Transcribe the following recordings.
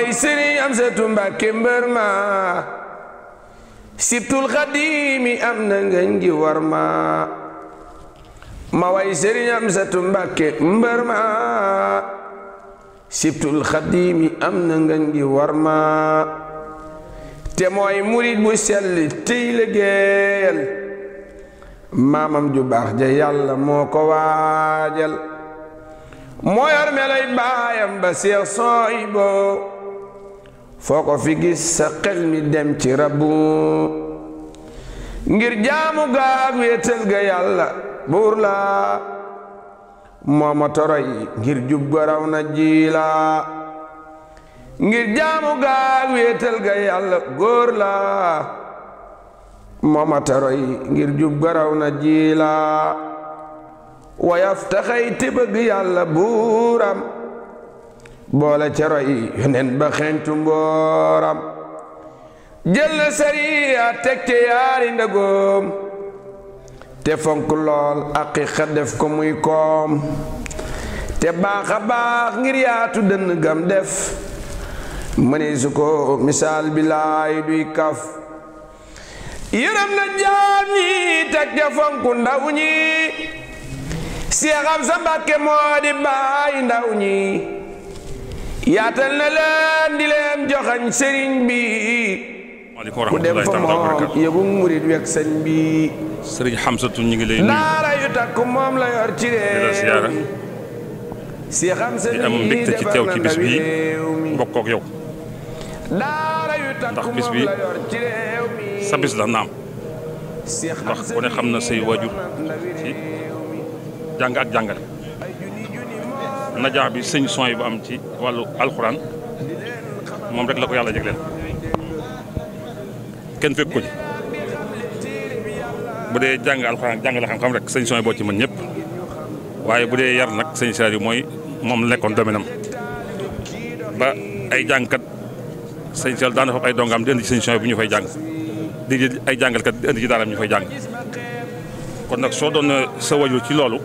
way sëriñ am sa am na ngeen gi war ma ma way sëriñ am sa tumba kémbër ma sibtul xadimi am na ngeen war ma te mooy murit bu sell tey liggéeyal maamam ju baax ja yàlla moo ko waajal moo yor baayam ba seex sooy boo foo ko fi gis sa xel dem ci rabbu ngir jaamu gaag wéetal ga yàlla buur la mooma ngir jub garaw na jiila ngir jaamu gaag wéetal ga yàlla góor la mooma ngir jub garaw na jiila wayaf taxay tibëgg yàlla buuram boole cero yi yonen ba xentu mbooram jël na sariya teg ci yaari ndagoom te fonk lool aqiqa def ko muy koom te baax a baax ngir yaatu dënn gam def mëni su ko misaal bi duy kaf yërëm na jaam ñi teg ca fonk ndaw ñi seexam sa moo di baay ndaw ñi yaatal na leen di leen joxañ sëriñ bi mu dem fa moom yëgu murit wek sëñ bi sëriñ Xamsatu ñu ngi lay nuyu naara yu takku moom la yor ci réew mi si xam sa am mbégte ci teew ci bis bi bokk ak yow ndax bis sa bis la naam ndax ku ne xam na say waajur jàng ak jàngale najaax bi sëñ son yi bu am ci wàllu alxuraan moom rek la ko yàlla jagleel kenn fekk ko ci bu dee jàng alxuraan jàngale xam-xam rek sëñ son boo ci mën ñëpp waaye bu dee yar nag sëñ Saaliw yi mooy moom lekkoon dominam ba ay jàngkat sëñ Saaliw ay dongam di indi ci bu ñu fay jàng di ay jàngalkat di indi ci daanam ñu fay jàng kon nag soo doon sa waju ci loolu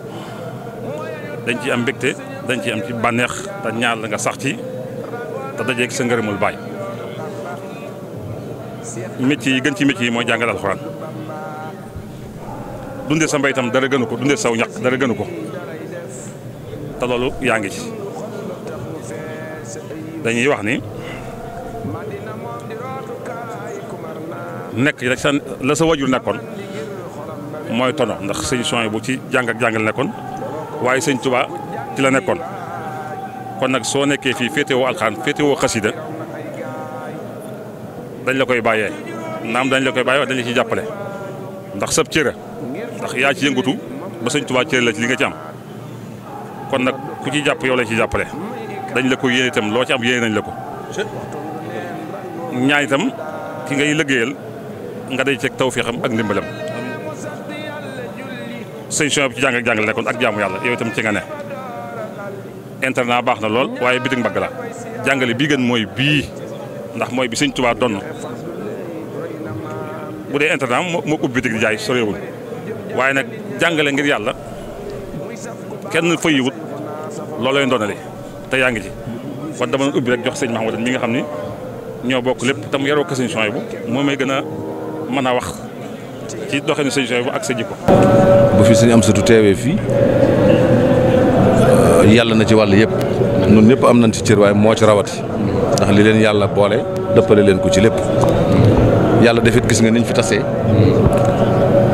dañ ci am mbégte dañ ci am ci bànneex te ñaan la nga sax ci te dajeeg sa ngërëmul baay métier yi gën ci métier yi mooy jàngal alxuraan dundee sa mbay itam dara gënu ko dundee saw ñaq dara gënu ko te loolu yaa ngi ci dañuy wax ni nekk rek sa la sa wajur nekkoon mooy tono ndax sëñ son bu ci jàng ak jàngal nekkoon waaye sëñ Tuubaa ci la nekkoon kon nag soo nekkee fii féetewoo alxaan féetewoo xasida dañ la koy bàyyee naam dañ la koy bàyyee dañ la ci jàppale ndax sab cëra ndax yaa ci yëngatu ba sëñ Tuubaa cëra la ci li nga ci am kon nag ku ci jàpp yow la ci jàppale dañ la ko yéene itam loo ci am yéene nañ la ko ñaan itam ki ngay liggéeyal nga day ceeg tawféexam ak ndimbalam sëñ bi ci jàng ak jàngale nekkoon ak jaamu yàlla yow itam ci nga ne internat baax na lool waaye bitig mbagg la jàngale bii gën mooy bii ndax mooy bi sëñ Tuubaa donn bu dee internat moo ubbi bitig di jaay sorewul waaye nag jàngale ngir yàlla kenn fayiwut loolu lay ndonale te yaa ngi ci kon dama ubbi rek jox sëñ ma mi nga xam ni ñoo bokk lépp te yaroo ko sëñ Soy bu moo may gën a mën a wax ci doxalinu sëñ Soy bu ak sa jikko bu fi sëñ am satu teewee fii yàlla na ci wàll yëpp noonu ñëpp am nañ ci cër waaye moo ci rawati ndax li leen yàlla boole dëppale leen ko ci lépp yàlla defit gis nga niñ fi tasee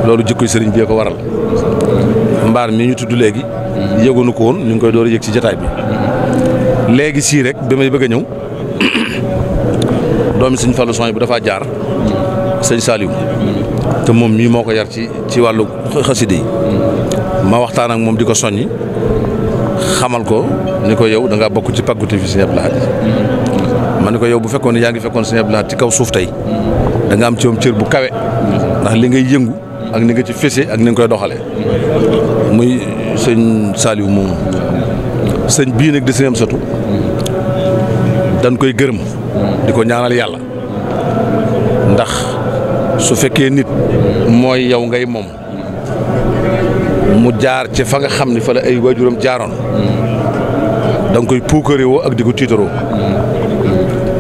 loolu jikkoy sëriñ bi ko waral mbaar mi ñu tudd léegi yëgunu ko woon ñu ngi koy door a ci jataay bi léegi sii rek bi may bëgg a ñëw doomi sëñ Fallou Soñ bu dafaa jaar sëñ Saliou te moom mii moo ko yar ci ci wàllu xaside yi ma waxtaan ak moom di ko soññi xamal ko ni ko yow da ngaa bokk ci pàggute fi Sëñ Abdou Lahad mm-hmm. ma ni ko yow bu fekkoon yaa ngi fekkoon Sëñ Abdou ci kaw suuf tey mm-hmm. da nga am ci moom cër bu kawe mm-hmm. ndax li ngay yëngu ak ni nga ci fese ak ni nga koy doxale muy sëñ Saliou moomu sëñ bii nag di sëñ satu dañ koy gërëm di ko ñaanal yàlla ndax su fekkee nit mooy yow ngay moom mu jaar ci fa nga xam ni fa la ay waajuram jaaroon da nga koy puukare ak di ko tiitaroo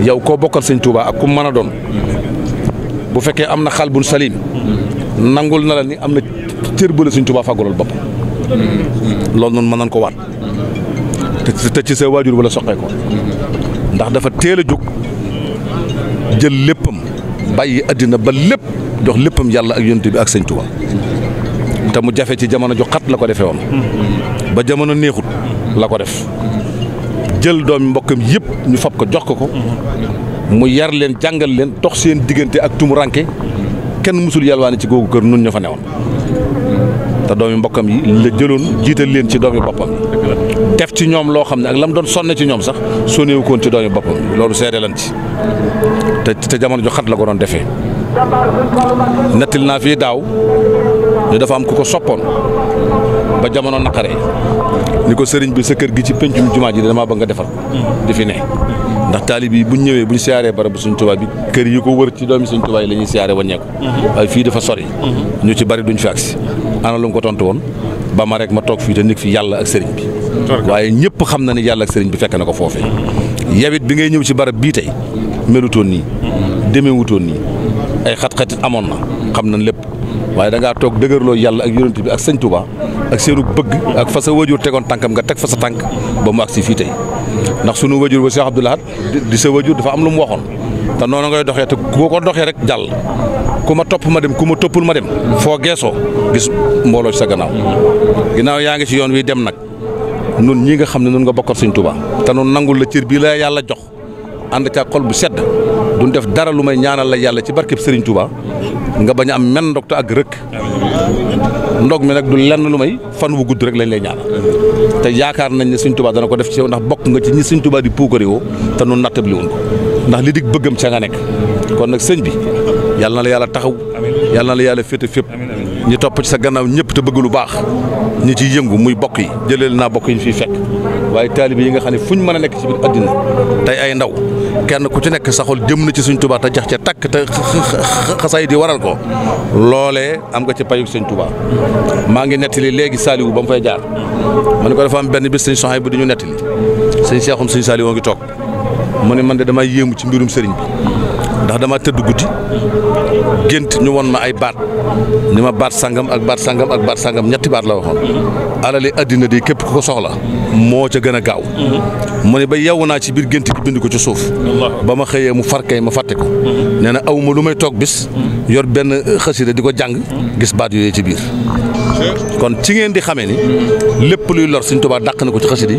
yow koo bokkal sëñ Touba ak ku mën a doon bu fekkee am na xalbun salim nangul na la ni am na cër bële sëñ Touba fàggalool bopp loolu noonu mën nañ ko waat te ci sa waajur wala soqee ko ndax dafa teel a jóg jël léppam bàyyi àddina ba lépp jox léppam yàlla ak yonent bi ak sëñ Touba te mu jafe ci jamono ju xat la ko defee woon mm-hmm. ba jamono neexut la ko def jël doomi mbokkam yëpp ñu fab ko jox ko ko mm-hmm. mu yar leen jàngal leen dox seen diggante ak tumu kenn mësul yalwaane ci googu kër nun ñu fa newoon te doomi mbokkam yi la jëloon jiital leen ci doomi boppam def ci ñoom loo xam ne ak la doon sonne ci ñoom sax sonéewu koon ci doomi boppam loolu seede lan ci te te jamono ju xat la ko doon defee mm-hmm. nettil naa fii daaw ne dafa am ku ko soppoon ba jamono naqaree ni ko sëriñ bi sa kër gi ci pencum jumaa ji dama ba nga defar di fi ne ndax taalib yi bu ñu ñëwee bu ñu siyaaree barab bu suñ tubaab bi kër yi ko wër ci doomi suñ tubaab yi la ñuy siyaaree wàññeeku mhm. waaye fii dafa sori mhm. ñu ci bari duñ fi agsi ana lu ko tontu woon ba ma ma toog fii te nekk fi yàlla ak sëriñ bi waaye ñëpp xam na ni yàlla ak sëriñ bi fekk na ko foofee yawit bi ngay ñëw ci barab bii tey melutoon nii mhm. demeewutoon nii ay amoon na xam nañ lépp waaye dangaa toog dëgërloo yàlla ak yonent bi ak sëñ Touba ak seenu bëgg ak fa sa wajur tegoon tànkam nga teg fa sa tànk ba mu agsi fii tey ndax sunu wajur ba Cheikh Abdou di sa wajur dafa am lu mu waxoon te noonu ngay doxee te boo ko doxee rek jàll ku ma topp ma dem ku ma toppul ma dem foo geesoo gis mbooloo sa gannaaw ginnaaw yaa ngi ci yoon wi dem nag nun ñi nga xam ne nun nga bokkal sëñ Touba te nun nangul la cër bii la yàlla jox ànd ca xol bu sedd duñ def dara lu may ñaanal la yàlla ci barkeb Serigne nga bañ am men ndog te ak rëkk ndog mi nag du lenn lu may fan wu gudd rek lañ lay ñaan te yaakaar nañ ne Sëñ Tuubaa dana ko def ci yow ndax bokk nga ci ñi Sëñ Tuubaa di puukarewoo te nun nattabli woon ko ndax li dig bëggam ca nga nekk kon nag sëñ bi yàlla na la yàlla taxaw yàlla na la yàlla féete fépp ñi topp ci sa gannaaw ñëpp te bëgg lu baax ñi ci yëngu muy bokk yi jëleel naa bokk yi ñu fiy fekk waaye taalibe yi nga xam ne fu ñu mën a nekk ci biir àddina tey ay ndaw kenn ku ci nekk saxul jëm na ci suñ Tuubaa te jax ca takk te xasaay di waral ko loolee am nga ci payug sëñ Tuubaa maa ngi nettali léegi Saliou ba mu fay jaar ma ne ko dafa am benn bés sëñ Soxay bu di ñu nettali sëñ Seexum sëñ Saliou ngi toog mu ne man de damaa yéemu ci mbirum sëriñ bi ndax damaa tëdd guddi gént ñu won ma ay baat ni ma baat sangam ak baat sangam ak baat ñetti baat la waxoon àddina di képp ku ko soxla moo ca gën a gaaw mu ne ba yeewu naa ci biir gént gi bind ko ci suuf ba ma xëyee mu farkay ma fàtte ko mhm. nee na aw ma lu may toog bis mhm. yor benn euh, xasida di ko jàng mhm. gis baat yooyu ci biir kon ci ngeen di xamee ni lépp luy lor Sëñ Tuubaa dàq na ko ci xasida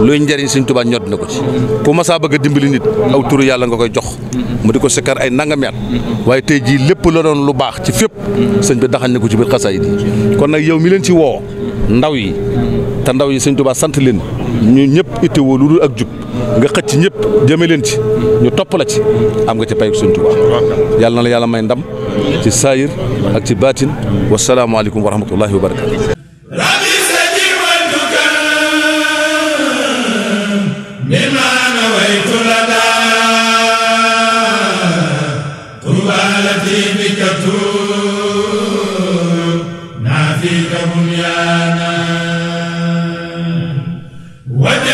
luy njariñ Sëñ Tuubaa ñodd na ko ci ku masaa bëgg a dimbali nit aw turu yàlla nga koy jox mu di ko sikkar ay nangami at waaye tey jii lépp la doon lu baax ci fépp sëñ bi daxañ na ko ci biir xasaayid yi kon nag yow mi leen ci woo ndaw yi te ndaw yi sëñ Tuubaa sant leen ñu ñëpp itteewoo lu dul ak jub nga xëcc ñëpp jëme leen ci ñu topp la ci am nga ci payuk sëñ Tuubaa yàlla na la yàlla may ndam ci saayir ak ci baatin wasalaamaaleykum wa rahmatullahi wa barakatu What?